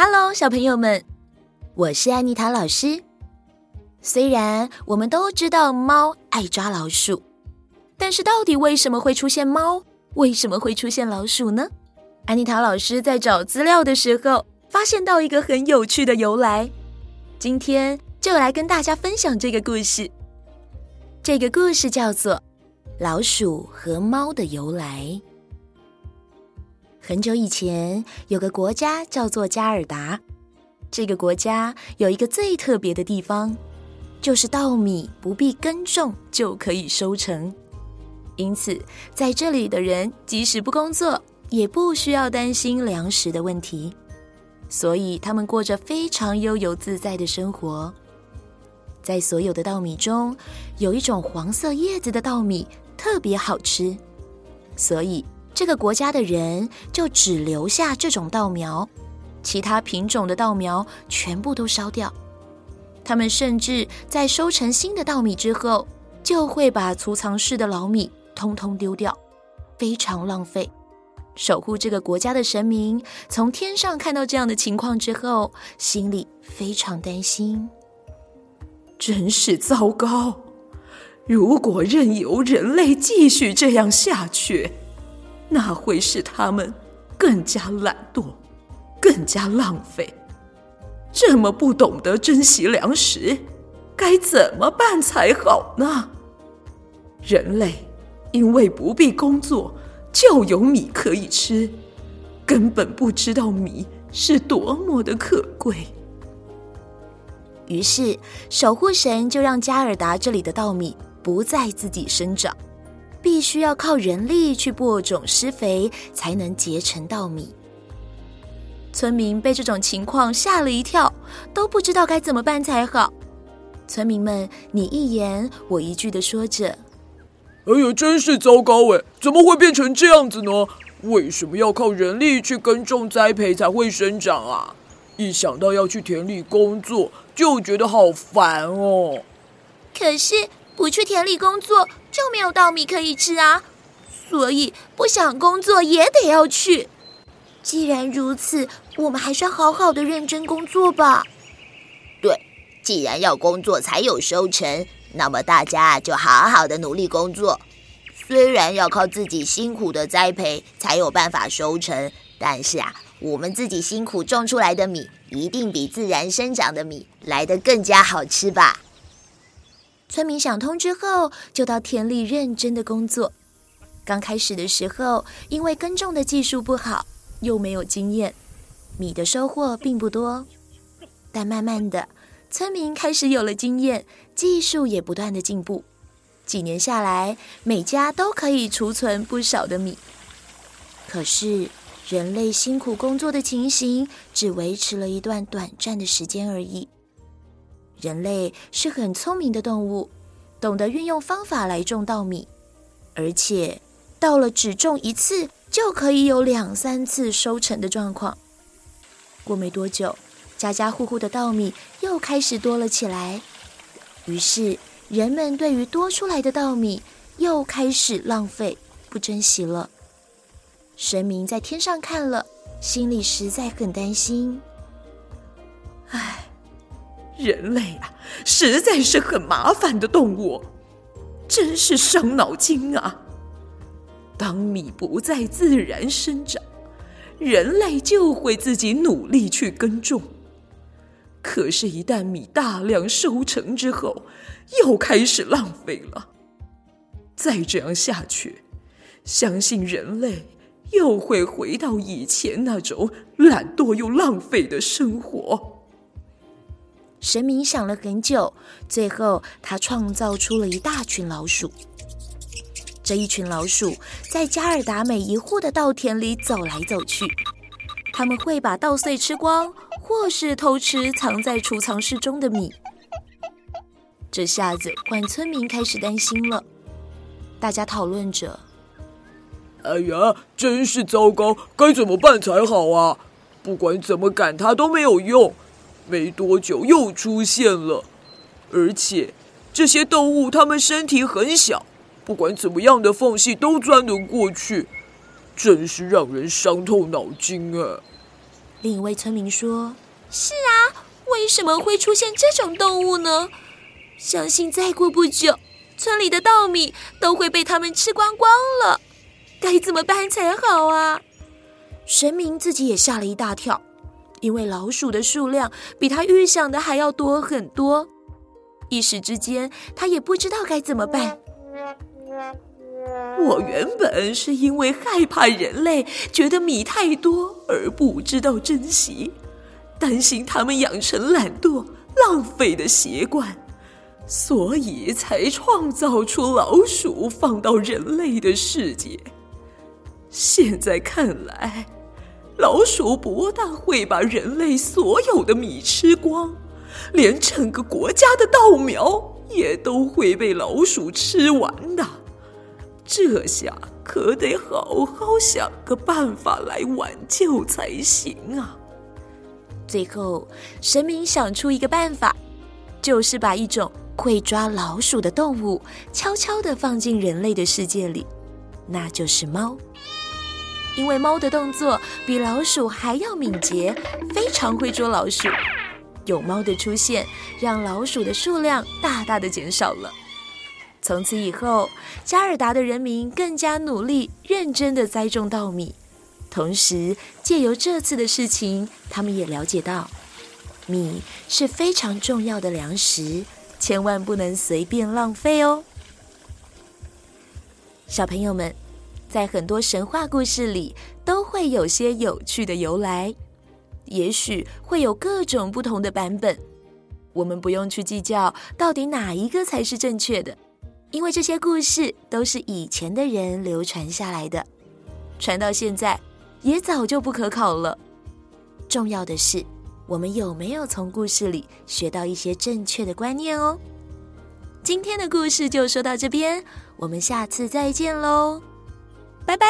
哈嘍，小朋友們，我是安妮塔老師。雖然我們都知道貓愛抓老鼠，但是到底為什麼會出現貓？為什麼會出現老鼠呢？安妮塔老師在找資料的時候發現到一個很有趣的由來，今天就來跟大家分享這個故事。這個故事叫做《老鼠和貓的由來》。很久以前，有個國家叫做加爾達。這個國家有一個最特別的地方，就是稻米不必耕種就可以收成。因此，在這裡的人即使不工作，也不需要擔心糧食的問題，所以他們過着非常悠游自在的生活。在所有的稻米中，有一種黃色葉子的稻米特別好吃，所以。這個國家的人就只留下這種稻苗，其他品種的稻苗全部都燒掉。他們甚至在收成新的稻米之後，就會把儲藏室的老米通通丟掉，非常浪費。守護這個國家的神明從天上看到這樣的情況之後，心裡非常擔心，真是糟糕！如果任由人類繼續這樣下去。那會使他們更加懶惰，更加浪費。這麼不懂得珍惜糧食，該怎麼辦才好呢？人類因為不必工作就有米可以吃，根本不知道米是多麼的可貴。於是，守護神就讓加爾達這裡的稻米不再自己生長。必須要靠人力去播種、施肥，才能結成稻米。村民被這種情況嚇了一跳，都不知道該怎麼辦才好。村民們你一言我一句的說着：“哎呦，真是糟糕哎！怎麼會變成這樣子呢？為什麼要靠人力去耕種、栽培才會生長啊？一想到要去田裡工作，就覺得好煩哦。”可是不去田裡工作。就沒有稻米可以吃啊，所以不想工作也得要去。既然如此，我們還是要好好的認真工作吧。對，既然要工作才有收成，那麼大家就好好的努力工作。雖然要靠自己辛苦的栽培才有辦法收成，但是啊，我們自己辛苦種出來的米，一定比自然生長的米來得更加好吃吧。村民想通之後，就到田裡認真的工作。剛開始的時候，因為耕種的技術不好，又沒有經驗，米的收穫並不多。但慢慢的，村民開始有了經驗，技術也不斷的進步。幾年下來，每家都可以儲存不少的米。可是，人類辛苦工作的情形，只維持了一段短暫的時間而已。人類是很聰明的動物，懂得運用方法來種稻米，而且到了只種一次就可以有兩三次收成的狀況。過沒多久，家家戶戶的稻米又開始多了起來，於是人們對於多出來的稻米又開始浪費、不珍惜了。神明在天上看了，心裡實在很擔心。唉。人類啊，實在是很麻煩的動物，真是傷腦筋啊。當米不再自然生長，人類就會自己努力去耕種。可是，一旦米大量收成之後，又開始浪費了。再這樣下去，相信人類又會回到以前那種懶惰又浪費的生活。神明想了很久，最後他創造出了一大群老鼠。這一群老鼠在加爾達每一戶的稻田裡走來走去，他們會把稻穗吃光，或是偷吃藏在儲藏室中的米。這下子，換村民開始擔心了，大家討論着：“哎呀，真是糟糕，該怎麼辦才好啊？不管怎麼趕它都沒有用。”沒多久又出現了，而且這些動物它們身體很小，不管怎麼樣的縫隙都鑽得過去，真是讓人傷透腦筋啊！另一位村民說：“是啊，為什麼會出現這種動物呢？相信再過不久，村裡的稻米都會被他們吃光光了，該怎麼辦才好啊？”神明自己也嚇了一大跳。因為老鼠的數量比他預想的還要多很多，一時之間他也不知道該怎麼辦。我原本是因為害怕人類覺得米太多而不知道珍惜，擔心他們養成懶惰浪費的習慣，所以才創造出老鼠，放到人類的世界。現在看來，老鼠不但會把人類所有的米吃光，連整個國家的稻苗也都會被老鼠吃完的。這下可得好好想個辦法來挽救才行啊！最後，神明想出一個辦法，就是把一種會抓老鼠的動物悄悄地放進人類的世界裡，那就是貓。因為貓的動作比老鼠還要敏捷，非常會捉老鼠。有貓的出現，讓老鼠的數量大大的減少了。從此以後，加爾達的人民更加努力、認真的栽種稻米，同時借由這次的事情，他們也了解到，米是非常重要的糧食，千萬不能隨便浪費哦。小朋友們。在很多神話故事裡，都會有些有趣的由來，也許會有各種不同的版本。我們不用去計較到底哪一個才是正確的，因為這些故事都是以前的人流傳下來的，傳到現在也早就不可考了。重要的是，我們有沒有從故事裡學到一些正確的觀念哦？今天的故事就說到這邊，我們下次再見嘍。拜拜。